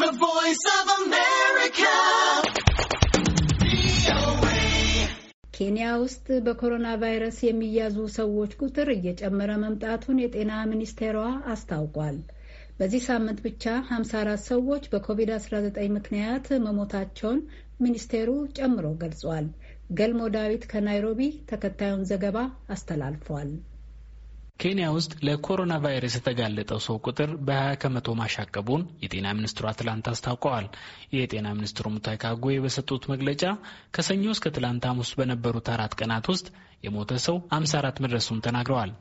The Voice of America. ኬንያ ውስጥ በኮሮና ቫይረስ የሚያዙ ሰዎች ቁጥር እየጨመረ መምጣቱን የጤና ሚኒስቴሯ አስታውቋል። በዚህ ሳምንት ብቻ 54 ሰዎች በኮቪድ-19 ምክንያት መሞታቸውን ሚኒስቴሩ ጨምሮ ገልጿል። ገልሞ ዳዊት ከናይሮቢ ተከታዩን ዘገባ አስተላልፏል። ኬንያ ውስጥ ለኮሮና ቫይረስ የተጋለጠው ሰው ቁጥር በ20 ከመቶ ማሻቀቡን የጤና ሚኒስትሩ አትላንት አስታውቀዋል። የጤና ሚኒስትሩ ሙታይ ካጉዌ በሰጡት መግለጫ ከሰኞ እስከ ትላንት ሐሙስ በነበሩት አራት ቀናት ውስጥ የሞተ ሰው 54 መድረሱን ተናግረዋል።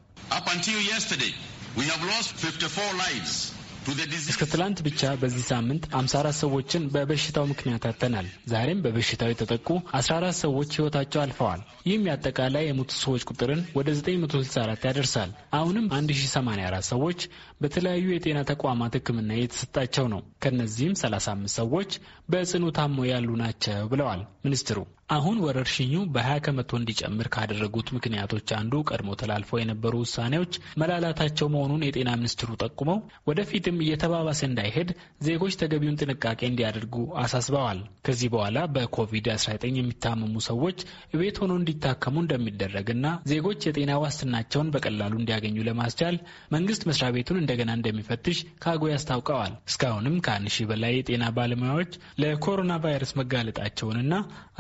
እስከ ትላንት ብቻ በዚህ ሳምንት 54 ሰዎችን በበሽታው ምክንያት ያተናል። ዛሬም በበሽታው የተጠቁ 14 ሰዎች ሕይወታቸው አልፈዋል። ይህም የአጠቃላይ የሞቱ ሰዎች ቁጥርን ወደ 964 ያደርሳል። አሁንም 1084 ሰዎች በተለያዩ የጤና ተቋማት ሕክምና እየተሰጣቸው ነው። ከእነዚህም 35 ሰዎች በጽኑ ታሞ ያሉ ናቸው ብለዋል ሚኒስትሩ። አሁን ወረርሽኙ በ20 ከመቶ እንዲጨምር ካደረጉት ምክንያቶች አንዱ ቀድሞ ተላልፈው የነበሩ ውሳኔዎች መላላታቸው መሆኑን የጤና ሚኒስትሩ ጠቁመው ወደፊት ግጭቶችም እየተባባሰ እንዳይሄድ ዜጎች ተገቢውን ጥንቃቄ እንዲያደርጉ አሳስበዋል። ከዚህ በኋላ በኮቪድ-19 የሚታመሙ ሰዎች ቤት ሆኖ እንዲታከሙ እንደሚደረግና ዜጎች የጤና ዋስትናቸውን በቀላሉ እንዲያገኙ ለማስቻል መንግስት መስሪያ ቤቱን እንደገና እንደሚፈትሽ ከአጎ ያስታውቀዋል። እስካሁንም ከአንድ ሺህ በላይ የጤና ባለሙያዎች ለኮሮና ቫይረስ መጋለጣቸውንና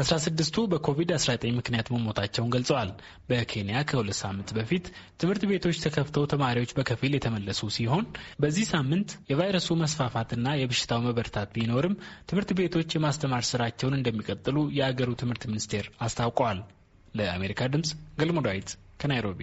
16ቱ በኮቪድ-19 ምክንያት መሞታቸውን ገልጸዋል። በኬንያ ከሁለት ሳምንት በፊት ትምህርት ቤቶች ተከፍተው ተማሪዎች በከፊል የተመለሱ ሲሆን በዚህ ሳምንት ሳምንት የቫይረሱ መስፋፋትና የበሽታው መበርታት ቢኖርም ትምህርት ቤቶች የማስተማር ስራቸውን እንደሚቀጥሉ የአገሩ ትምህርት ሚኒስቴር አስታውቀዋል። ለአሜሪካ ድምፅ ገልሞ ከናይሮቢ